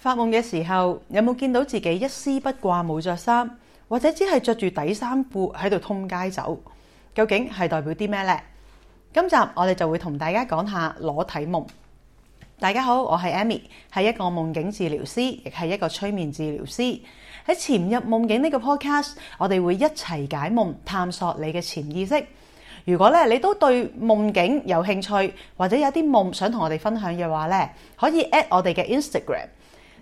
發夢嘅時候有冇見到自己一絲不掛冇着衫，或者只係着住底衫褲喺度通街走？究竟係代表啲咩呢？今集我哋就會同大家講下裸體夢。大家好，我係 Amy，係一個夢境治療師，亦係一個催眠治療師。喺潛入夢境呢個 podcast，我哋會一齊解夢，探索你嘅潛意識。如果咧你都對夢境有興趣，或者有啲夢想同我哋分享嘅話咧，可以 at 我哋嘅 Instagram。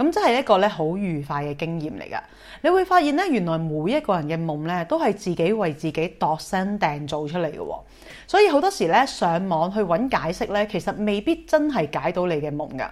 咁真係一個咧好愉快嘅經驗嚟噶。你會發現咧，原來每一個人嘅夢咧都係自己為自己度身訂做出嚟嘅，所以好多時咧上網去揾解釋咧，其實未必真係解到你嘅夢噶。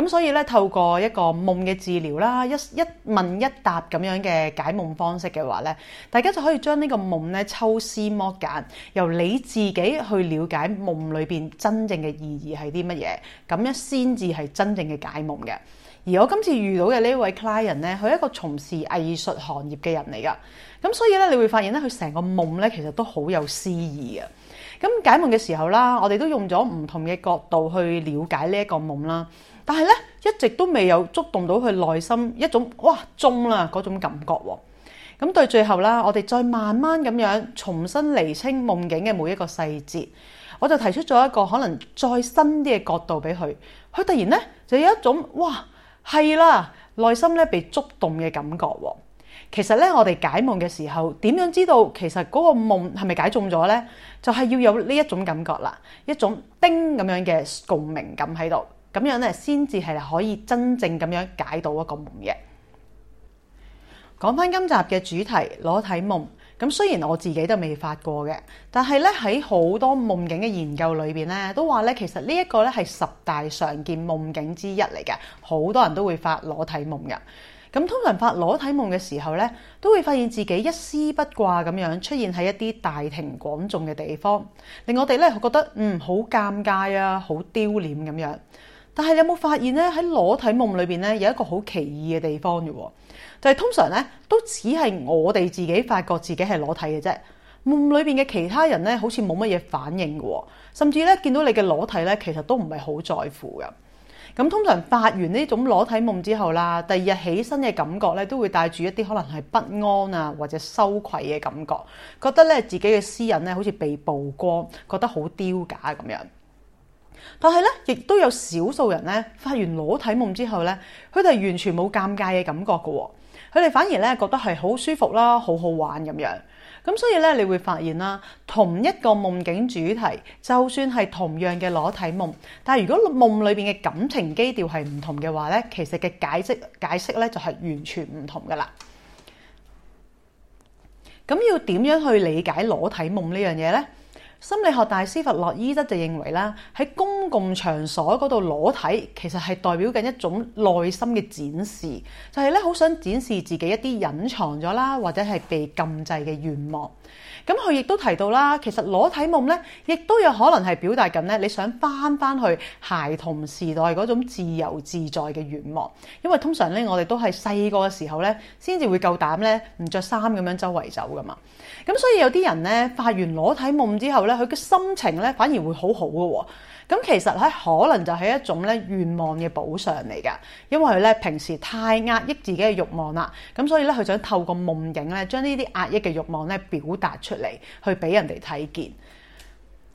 咁所以咧，透過一個夢嘅治療啦，一一問一答咁樣嘅解夢方式嘅話咧，大家就可以將呢個夢咧抽絲剝繭，由你自己去了解夢裏面真正嘅意義係啲乜嘢，咁樣先至係真正嘅解夢嘅。而我今次遇到嘅呢位 client 咧，佢係一個從事藝術行業嘅人嚟噶，咁所以咧，你會發現咧，佢成個夢咧其實都好有詩意啊。咁解夢嘅時候啦，我哋都用咗唔同嘅角度去了解呢一個夢啦，但係咧一直都未有觸動到佢內心一種哇中啦嗰種感覺，咁到最後啦，我哋再慢慢咁樣重新釐清夢境嘅每一個細節，我就提出咗一個可能再新啲嘅角度俾佢，佢突然咧就有一種哇！係啦，內心咧被觸動嘅感覺。其實咧，我哋解夢嘅時候，點樣知道其實嗰個夢係咪解中咗呢？就係、是、要有呢一種感覺啦，一種叮咁樣嘅共鳴感喺度，咁樣咧先至係可以真正咁樣解到一個夢嘅。講翻今集嘅主題，裸體夢。咁雖然我自己都未發過嘅，但係咧喺好多夢境嘅研究裏面咧，都話咧其實呢一個咧係十大常見夢境之一嚟嘅，好多人都會發裸體夢嘅。咁通常發裸體夢嘅時候咧，都會發現自己一絲不掛咁樣出現喺一啲大庭廣眾嘅地方，令我哋咧覺得嗯，好尷尬啊，好丟臉咁樣。但係有冇發現咧？喺裸體夢裏邊咧，有一個好奇異嘅地方嘅，就係通常咧都只係我哋自己發覺自己係裸體嘅啫。夢裏邊嘅其他人咧，好似冇乜嘢反應嘅，甚至咧見到你嘅裸體咧，其實都唔係好在乎嘅。咁通常發完呢種裸體夢之後啦，第二日起身嘅感覺咧，都會帶住一啲可能係不安啊，或者羞愧嘅感覺，覺得咧自己嘅私隱咧，好似被曝光，覺得好丟架咁樣。但係咧，亦都有少數人咧，發完裸體夢之後咧，佢哋完全冇尷尬嘅感覺嘅喎，佢哋反而咧覺得係好舒服啦，好好玩咁樣。咁所以咧，你會發現啦，同一個夢境主題，就算係同樣嘅裸體夢，但係如果夢裏邊嘅感情基調係唔同嘅話咧，其實嘅解釋解釋咧就係完全唔同噶啦。咁要點樣去理解裸體夢事呢樣嘢咧？心理學大師弗洛伊德就認為啦，喺公共場所嗰度裸體其實係代表緊一種內心嘅展示，就係咧好想展示自己一啲隱藏咗啦，或者係被禁制嘅願望。咁佢亦都提到啦，其實裸體夢咧，亦都有可能係表達緊咧你想翻翻去孩童時代嗰種自由自在嘅願望，因為通常咧我哋都係細個嘅時候咧，先至會夠膽咧唔着衫咁樣周圍走噶嘛。咁所以有啲人咧發完裸體夢之後呢。佢嘅心情咧反而會好好嘅，咁其實喺可能就係一種咧願望嘅補償嚟噶，因為佢咧平時太壓抑自己嘅欲望啦，咁所以咧佢想透過夢影咧將呢啲壓抑嘅欲望咧表達出嚟，去俾人哋睇見。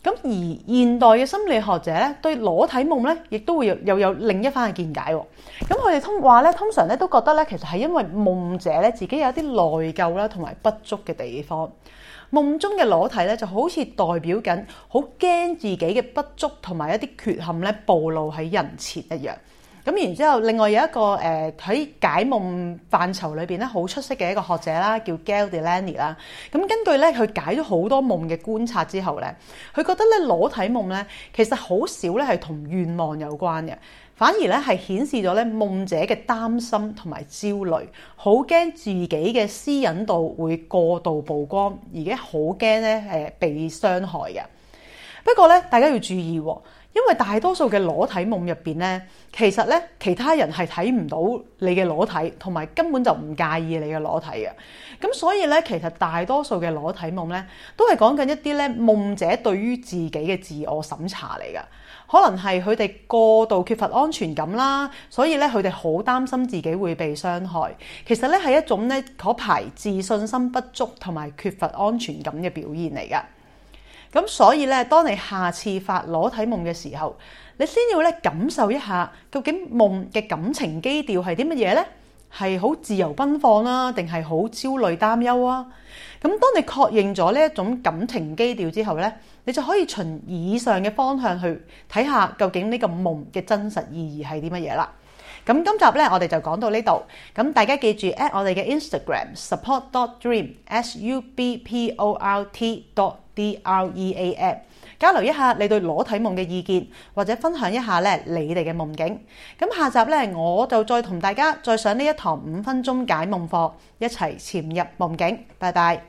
咁而現代嘅心理學者咧對裸體夢咧亦都會又有，有另一番嘅見解。咁佢哋通話咧通常咧都覺得咧其實係因為夢者咧自己有啲內疚啦同埋不足嘅地方。夢中嘅裸體咧，就好似代表緊好驚自己嘅不足同埋一啲缺陷咧，暴露喺人前一樣。咁然後之後，另外有一個誒喺解夢範疇裏面咧，好出色嘅一個學者啦，叫 Gail Delaney 啦。咁根據咧佢解咗好多夢嘅觀察之後咧，佢覺得咧裸體夢咧其實好少咧係同願望有關嘅。反而咧係顯示咗咧夢者嘅擔心同埋焦慮，好驚自己嘅私隱度會過度曝光，而且好驚咧誒被傷害嘅。不過咧，大家要注意。因為大多數嘅裸體夢入面咧，其實咧其他人係睇唔到你嘅裸體，同埋根本就唔介意你嘅裸體嘅。咁所以咧，其實大多數嘅裸體夢咧，都係講緊一啲咧夢者對於自己嘅自我審查嚟㗎。可能係佢哋過度缺乏安全感啦，所以咧佢哋好擔心自己會被傷害。其實咧係一種咧嗰排自信心不足同埋缺乏安全感嘅表現嚟㗎。咁所以咧，當你下次發裸體夢嘅時候，你先要咧感受一下，究竟夢嘅感情基調係啲乜嘢咧？係好自由奔放啦，定係好焦慮擔憂啊？咁、啊、當你確認咗呢一種感情基調之後咧，你就可以循以上嘅方向去睇下，看看究竟呢個夢嘅真實意義係啲乜嘢啦。咁今集咧，我哋就講到呢度。咁大家記住 at 我哋嘅 Instagram support dot dream s u b p o r t dot d r e a m，交流一下你對裸體夢嘅意見，或者分享一下咧你哋嘅夢境。咁下集咧，我就再同大家再上呢一堂五分鐘解夢課，一齊潛入夢境。拜拜。